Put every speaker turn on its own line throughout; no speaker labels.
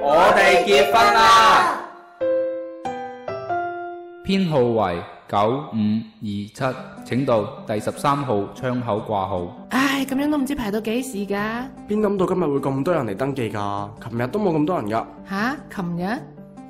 我哋結婚啦！編號為九五二
七，請到第十三號窗口掛號。唉，咁樣都唔知排到幾時噶？邊諗到今日會咁多人嚟登記噶？琴日都冇咁多人噶。
吓，琴日？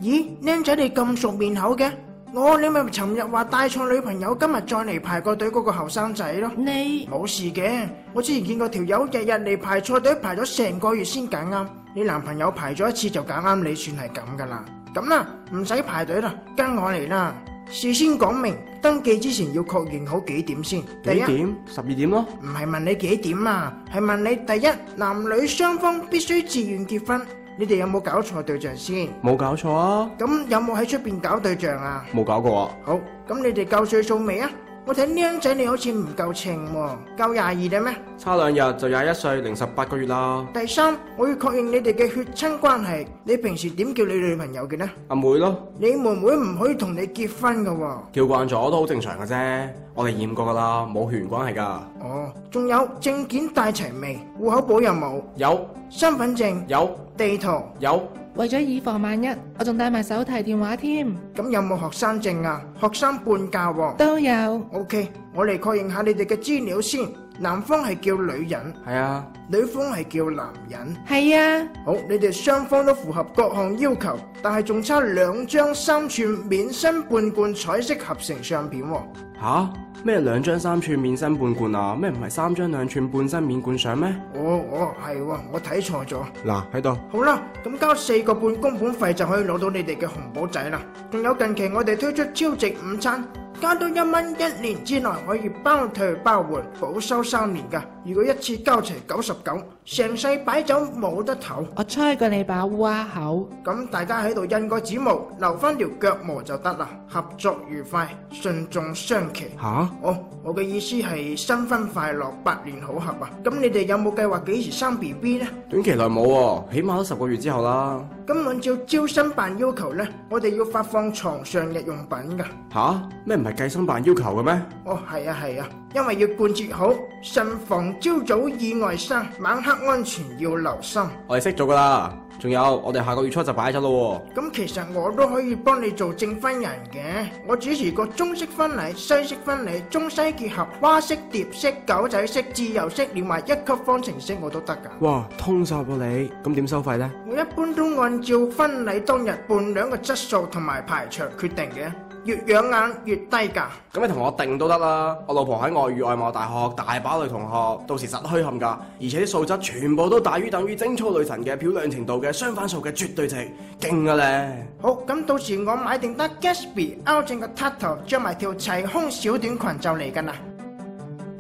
咦，靚仔你咁熟面口嘅？我、哦、你咪尋日話帶錯女朋友，今日再嚟排個隊嗰個後生仔咯。你冇事嘅，我之前見過條友日日嚟排錯隊，排咗成個月先揀啱。你男朋友排咗一次就揀啱你，算係咁噶啦。咁啦，唔使排隊啦，跟我嚟啦。事先講明，登記之前要確認好幾點先。幾點？十二點咯。哦。唔係問你幾點啊，係問你第一，男女雙方必須自願結婚。你哋有冇搞錯對象先？冇搞錯啊！咁有冇喺出邊搞對象搞啊？
冇搞過啊。
好，咁你哋夠歲數未啊？我睇僆仔，你好似唔夠情喎，夠廿二啦咩？
差兩日就廿一歲零十八個月啦。
第三，我要確認你哋嘅血親關係。你平時點叫你女朋友嘅呢？阿妹咯。你妹妹唔可以同你結婚噶喎。
叫慣咗都好正常嘅啫，我哋驗過噶啦，冇血緣關係噶。
哦，仲有證件帶齊未？戶口簿有冇？有。身份證有。地圖有。為咗以防萬一，我仲帶埋手提電話添。咁有冇學生證啊？學生半價喎。都有。OK，我嚟確認下你哋嘅資料先。男方係叫女人，係啊。女方係叫男人，係啊。好，你哋雙方都符合各項要求，但係仲差兩張三寸免身半冠彩色合成相片喎。吓？
咩，兩張三寸面身半罐啊咩？唔係三張兩寸半身面罐相咩？、哦
哦？我我係我睇錯咗，嗱，喺度好啦。咁交四個半工本費就可以攞到你哋嘅紅寶仔啦，仲有近期我哋推出超值午餐。加多一蚊，一年之內可以包退包換，保修三年噶。如果一次交齊九十九，成世擺酒冇得唞。我猜過你把花口，咁大家喺度印個指模，留翻條腳模就得啦。合作愉快，順頌商祺。吓、啊？哦，oh, 我嘅意思係新婚快樂，百年好合啊。咁你哋有冇計劃幾時生 B B 呢？
短期內冇喎，起碼都十個月之後啦。
咁按照招生辦要求呢，我哋要發放床上日用品噶。
吓、啊？咩唔係？計生辦要求嘅咩？
哦，係啊係啊，因為要貫徹好，慎防朝早意外生，晚黑安全要留心。
我哋識咗噶啦，仲有我哋下個月初就擺咗啦。
咁、嗯、其實我都可以幫你做證婚人嘅，我主持過中式婚禮、西式婚禮、中西結合、花式、蝶式、狗仔式、自由式，連埋一級方程式我都得噶。
哇，通殺啊你！咁、嗯、點收費呢？
我一般都按照婚禮當日伴娘嘅質素同埋排場決定嘅。越養眼越低價，
咁你同我定都得啦。我老婆喺外語外貿大學大把女同學，到時實都虛冚噶，而且啲素質全
部都大於等於精粗女神嘅漂亮程度嘅相反數嘅絕對值，勁嘅咧。好，咁到時我買定得 Gatsby 凹正個 Tattoo，着埋條齊胸小短裙就嚟噶啦。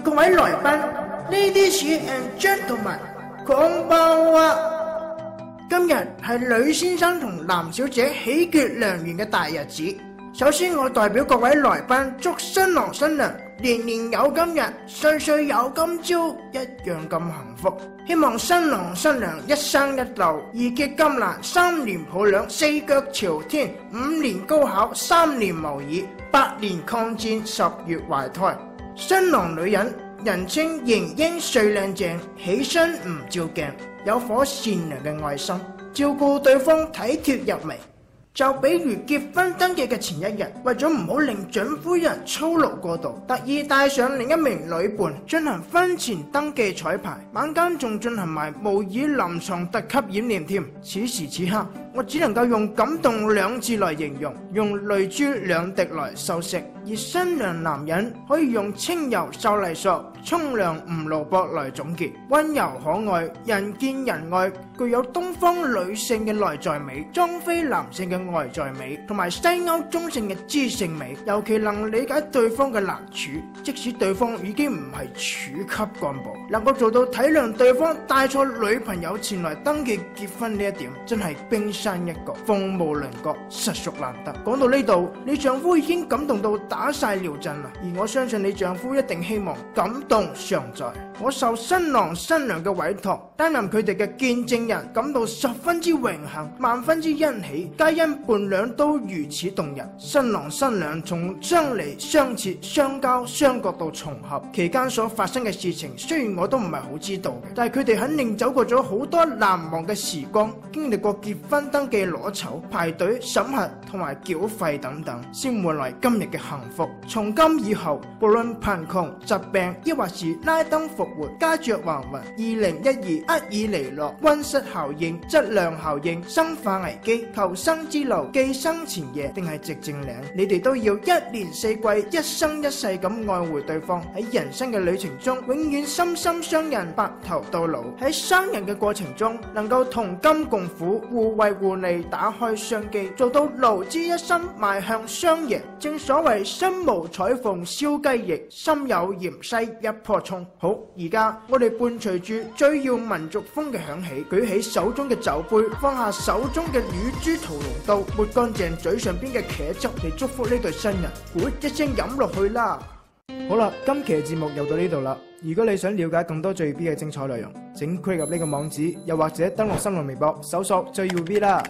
各位來賓，Ladies and gentlemen，廣播啊， 今日係呂先生同藍小姐喜結良緣嘅大日子。首先，我代表各位來賓祝新郎新娘年年有今日，歲歲有今朝，一樣咁幸福。希望新郎新娘一生一路二結金蘭，三年抱兩，四腳朝天，五年高考三年模擬，八年抗戰十月懷胎。新郎女人人稱賢英最靚正，起身唔照鏡，有顆善良嘅愛心，照顧對方體貼入微。就比如結婚登記嘅前一日，為咗唔好令準夫人操勞過度，特意帶上另一名女伴進行婚前登記彩排，晚間仲進行埋模擬臨床特級演練添。此時此刻。我只能夠用感動兩字來形容，用淚珠兩滴來修飾，而新娘男人可以用清油秀麗索、沖涼唔露膊來總結，温柔可愛、人見人愛，具有東方女性嘅內在美、中非男性嘅外在美同埋西歐中性嘅知性美，尤其能理解對方嘅難處，即使對方已經唔係處級幹部，能夠做到體諒對方帶錯女朋友前來登記結婚呢一點，真係冰。山一角，鳳毛麟角，實屬難得。講到呢度，你丈夫已經感動到打晒尿震啦，而我相信你丈夫一定希望感動常在。我受新郎新娘嘅委託，擔任佢哋嘅見證人，感到十分之榮幸，萬分之欣喜，皆因伴娘都如此動人。新郎新娘從相離、相切、相交、相角到重合期間所發生嘅事情，雖然我都唔係好知道，但係佢哋肯定走過咗好多難忘嘅時光，經歷過結婚登記、攞籌排隊審核同埋繳費等等，先換來今日嘅幸福。從今以後，無論貧窮、疾病，抑或是拉登。復活加着還魂，二零一二厄爾尼諾温室效應、質量效應、生化危機、求生之路、寄生前夜，定係寂靜嶺？你哋都要一年四季、一生一世咁愛護對方。喺人生嘅旅程中，永遠心心相印，白頭到老。喺商人嘅過程中，能夠同甘共苦，互惠互利，打開商機，做到勞之一生，邁向雙贏。正所謂身無彩鳳燒雞翼，心有芫茜一棵葱。好。而家我哋伴隨住最耀民族風嘅響起，舉起手中嘅酒杯，放下手中嘅乳豬屠龍刀，抹乾淨嘴上邊嘅茄汁，嚟祝福呢對新人，咕一聲飲落去啦！好啦，今期嘅節目又到呢度啦。如果你想了解更多最耀 B 嘅精彩內容，請 click 入呢個網址，又或者登錄新浪微博搜索最耀 B 啦。